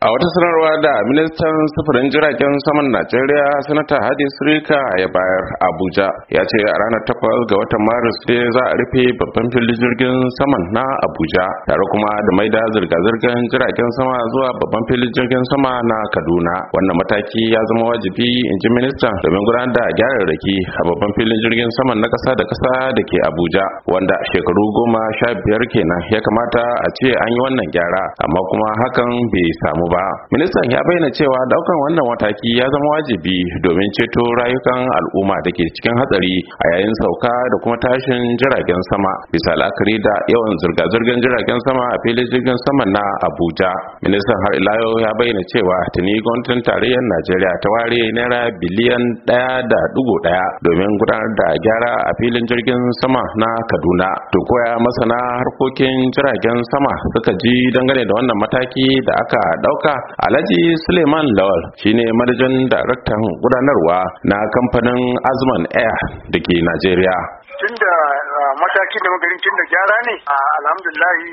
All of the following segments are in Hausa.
a wata sanarwa da ministan sufurin jiragen saman najeriya sanata hadi sirika ya bayar abuja ya ce a ranar takwas ga watan maris ne za a rufe babban filin jirgin saman na abuja tare kuma da maida zirga-zirgar jiragen sama zuwa babban filin jirgin sama na kaduna wannan mataki ya zama wajibi in ji ministan domin gudanar da gyaran gyararraki a babban filin jirgin saman na kasa da kasa da ke abuja wanda shekaru goma sha biyar kenan ya kamata a ce an yi wannan gyara amma kuma hakan bai samu ba ministan ya bayyana cewa daukan wannan mataki ya zama wajibi domin ceto rayukan al'umma da ke cikin hatsari a yayin sauka da kuma tashin jiragen sama bisa la'akari da yawan zirga-zirgar jiragen sama a filin jirgin sama na abuja ministan har yau ya bayyana cewa tuni gwamnatin tarayyar najeriya ta ware naira biliyan ɗaya da dubu ɗaya domin gudanar da gyara a filin jirgin sama na kaduna to koya masana harkokin jiragen sama suka ji dangane da wannan mataki da aka ɗauka ɗauka alhaji suleiman lawal shine manajan daraktan gudanarwa na kamfanin azman air da najeriya ah, matakin da magarin da gyara ne a alhamdulahi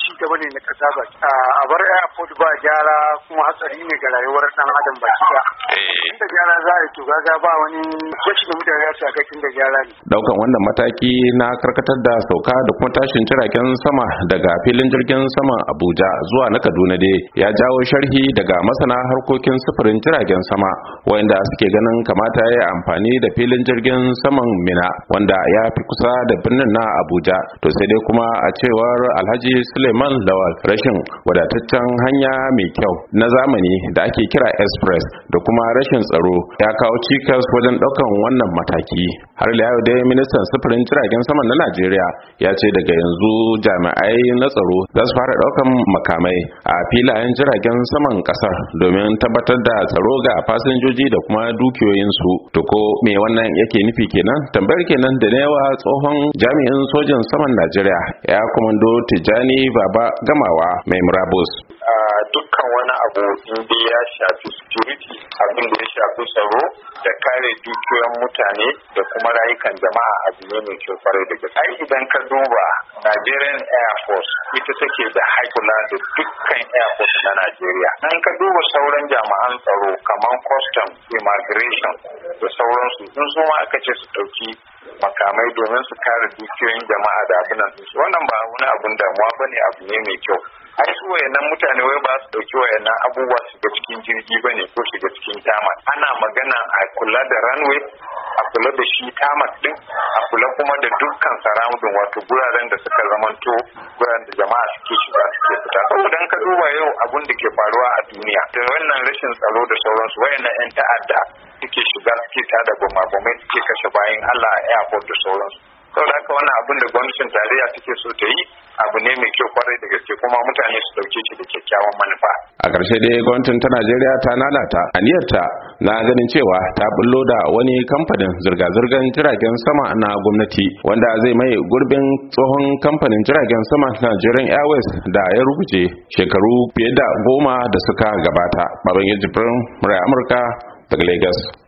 ci gaba ne na kasa ba a bar airport ba gyara kuma hatsari ne ga rayuwar dan adam ba eh. da gyara za a yi to gaga ba wani gwaci da mutane ga tun da gyara ne daukan wannan mataki na karkatar da sauka da kuma tashin jiragen sama daga filin jirgin sama Abuja zuwa na Kaduna dai ya jawo sharhi daga masana harkokin sufurin jiragen sama wanda suke ganin kamata ya yi amfani da filin jirgin saman Mina wanda ya fi kusa da birnin birnin na abuja to sai dai kuma a cewar alhaji suleiman lawal rashin wadataccen hanya mai kyau na zamani da ake kira express da kuma rashin tsaro ya kawo cikas wajen ɗaukan wannan mataki har da yau dai ministan sufurin jiragen sama na najeriya ya ce daga yanzu jami'ai na tsaro za su fara ɗaukan makamai a filayen jiragen saman ƙasar domin tabbatar da tsaro ga fasinjoji da kuma dukiyoyinsu to ko me wannan yake nufi kenan tambayar kenan da yawa tsohon jami'in sojan saman najeriya ya komando tijjani baba gamawa mai murabus a dukkan wani abu inda ya shafi security abin da ya shafi tsaro da kare dukiyoyin mutane da kuma rayukan jama'a a ne mai kyau kwarai da gaske ai idan ka duba Nigerian Air Force ita take da haikula da dukkan Air Force na Najeriya Nan ka duba sauran jami'an tsaro kamar custom immigration da sauransu in su ma aka ce su ɗauki makamai domin su kare dukiyoyin jama'a da abunan wannan ba wani abun damuwa ba ne abu ne mai kyau ai su wayannan mutane wai ba su dauki wayannan abubuwa shiga cikin jirgi ba ne ko shiga cikin tama ana magana a kula da runway a kula da shi tamas din a kula kuma da dukkan saramudin wato guraren da suka zamanto guraren da jama'a suke shiga suke fita idan ka duba yau abun da ke faruwa a duniya da wannan rashin tsaro da sauransu wayannan yan ta'adda suke shiga suke tada gumagumai suke kashe bayan Allah a airport da sauransu da haka wannan abun da gwamnatin tarayya take so ta yi abu ne mai kyau kwarai da gaske kuma mutane su dauke shi da kyakkyawan manufa a ƙarshe dai gwamnatin ta najeriya ta nanata aniyarta na ganin cewa ta bullo da wani kamfanin zirga-zirgar jiragen sama na gwamnati wanda zai mai gurbin tsohon kamfanin jiragen sama na Nigerian Airways da ya rubuce shekaru fiye da goma da suka gabata. Babban Ejibirin Murai Amurka daga Lagos.